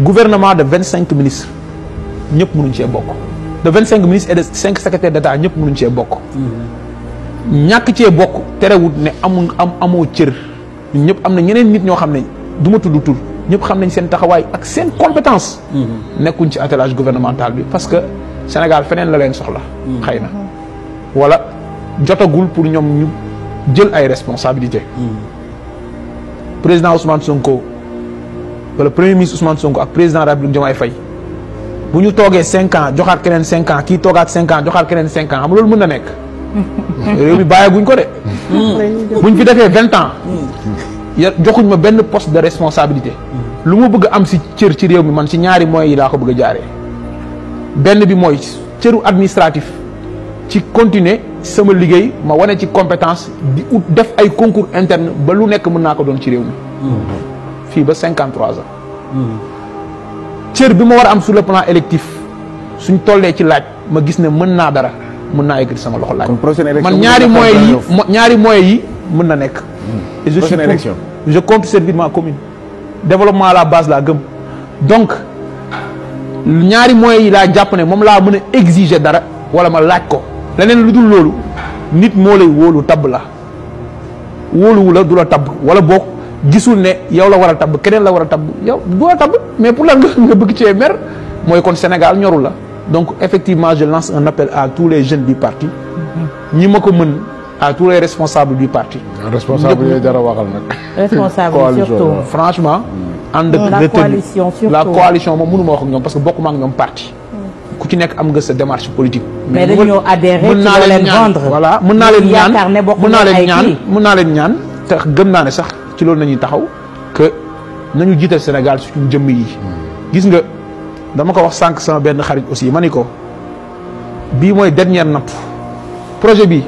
gouvernement de vingt cinq ministres ñëpp mënuñ cee bokk de vingt cinq ministres et de cinq secrétaires d'État ñëpp mënuñ cee bokk ñàkk cee bokk terewut ne amuñ am amoo cër ñun ñëpp am na ñeneen nit ñoo xam ne du ma tudd tur ñëpp xam nañ seen taxawaay ak seen compétence mm-hmm. nekkuñ ci attelage gouvernemental bi parce que Sénégal feneen la leen soxla mm-hmm. xëy na wala jotagul pour ñoom ñu jël ay responsabilité mm-hmm. président Ousmane Sonko wala premier ministre Ousmane Sonko ak président de la République Diomaye Faye buñu togué 5 ans joxat keneen 5 ans ki toogaat 5 ans joxat keneen 5 ans am loolu mëna nek rew réew mi bàyyi guñ ko dé hmm. buñ fi défé 20 ans. Hmm. Ya, joxuñ ma benn poste de responsabilité. Hmm. lu mu bëgg am si cër ci rew mi man ci ñaari moy yi la ko bëgg jaaré benn bi moy cëru administratif ci continuer sama liggéey ma wane ci compétence di def ay concours interne ba lu nekk mëna ko doon ci rew mi. fii ba cinquante trois ans hmm. cër bi ma war am sur le plan électif suñ tollee ci laaj ma gis ne mën naa dara mën naa yëkkati sama loxo laaj man ñaari moyens yi ñaari moyens yi mën na nekk hmm. et je suis pour je compte servir commune développement à la base laa gëm donc ñaari moyens yi laa jàpp ne moom laa mën a exiger dara wala ma laaj ko leneen lu dul loolu nit moo lay wóolu tabb la wóoluwu la du la tabb wala boog gisul ne yow la wara tab keneen la wara tab yow du mais pour la nga bëgg ci mer mooy kon Sénégal ñorul la donc effectivement je lance un appel à tous les jeunes du parti ñi ma ko mën à tous les responsables du parti. responsable yooyu dara waxal nag. responsable surtout franchement. ànd ak la coalition la mënu ma wax ak parce que bokkuma ak ñoom parti. ku ci nekk am nga sa démarche politique. mais dañoo adhéré ci leen vendre. voilà mën naa leen ñaan mën naa leen ñaan mën naa leen ñaan te gëm naa ne sax ci loolu nañuy taxaw que nañu jiital Sénégal suñu jëmm yi. gis nga dama ko wax 500 sama benn xarit aussi maniko bi moy dernière note projet bi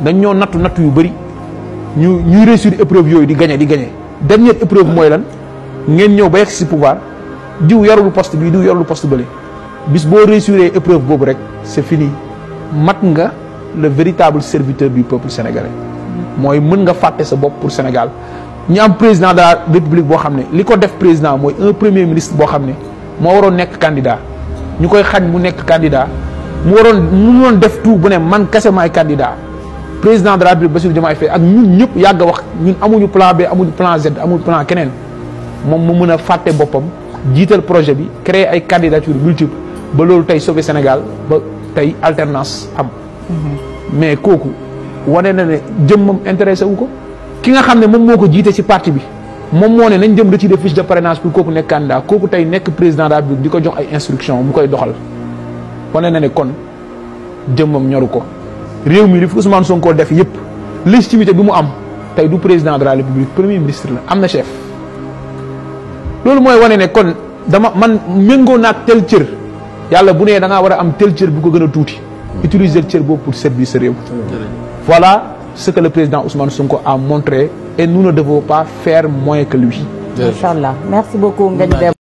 dañ ñoo nattu nattu yu bari ñu ñuy réussir épreuve yooyu di gagné di gagné dernière épreuve mooy lan ngeen ñëw ba yegg si pouvoir diw yorlu poste bi diw yorlu poste bële bis boo réussir épreuve boobu rek c'est fini mat nga le véritable serviteur du peuple sénégalais mooy mën nga fàtte sa bopp pour Sénégal ñu am président de la république boo xam ne li ko def président mooy un premier ministre boo xam ne moo waroon nekk candidat ñu koy xañ mu nekk candidat mu waroon mu waroon def tout bu ne man kese maay candidat président de la ba Bassirou Diomaye Faye ak ñun ñëpp yàgg wax ñun amuñu plan B amuñu plan Z amuñu plan keneen moom mu mën a fàtte boppam jiital projet bi créer ay candidature multiple ba loolu tey sauver Sénégal ba tey alternance am mm-hmm. mais kooku wane na ne jëmmam intéressé wu ko ki nga xam ne moom moo ko jiite ci parti bi moom moo ne nañ jëm retiré fiche de parrainage pour kooku nekk candidat kooku tey nekk président de la République di ko jox ay instruction mu koy doxal wane na ne kon jëmmam ñoru ko réew mi li fi Ousmane Sonko def yëpp légitimité bi mu am tey du président de la République premier ministre la am na chef loolu mooy wane ne kon dama man méngoon naag tel cër yàlla bu nee da war a am tel cër bu ko gën a tuuti utiliser cër boobu pour service réew ce que le président Ousmane Sonko a montré et nous ne devons pas faire moins que lui. Merci beaucoup.